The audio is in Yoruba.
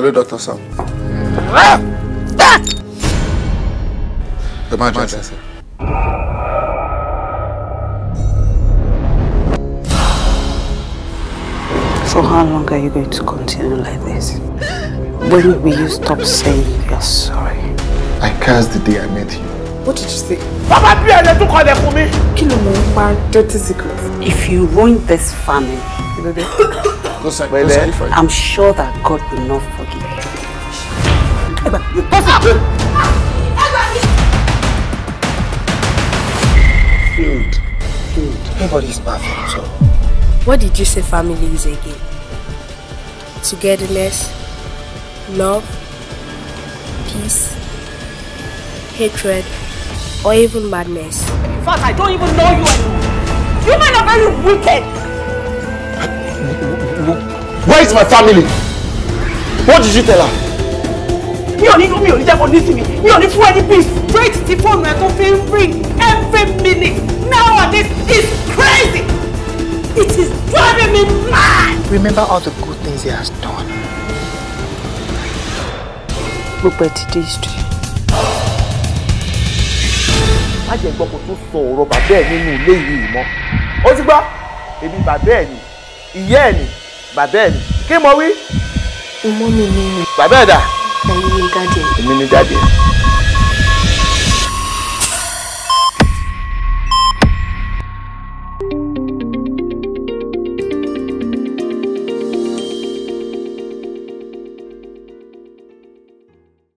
Hello, Dr. Sam. The manager. sir. For how long are you going to continue like this? When will you stop saying you're sorry? I cursed the day I met you. What did you say? Bàbá bí ẹ̀rẹ̀ tún kọlẹ̀ for me. Kill ló mọ̀ nípa dirty secrets? If you ruin this family pẹ̀lẹ́. I'm sure that God will not forgive you. ẹgbà perfect so. What did you say family is again? Togetherness, love, peace, hatred, or even madness. In fact, I don't even know you anymore. You are very wicked is my family. What did you tell her? Mi only ní me only ní jẹ́ kó ní sí mi, mi ò peace. Rate the phone ẹ̀ tó fi ń ring every minute nowadays it's crazy. It is driving me mad. Remember all the good things he has done. Gbogbo ẹ̀ ti dé history. Má jẹ́ gbọ́ kó tún sọ ọ̀rọ̀ bàbá ẹ̀ nínú ilé yìí mọ́. Ó ti gbá, èmi bàbá ẹ̀ ni, ìyá ẹ̀ ni, bàbá ẹ̀ ni kí mo wí. mo mọ́ mi ni. bàbá ẹ̀ ẹ̀yin ni dáàdì. èmi ni dáàdì.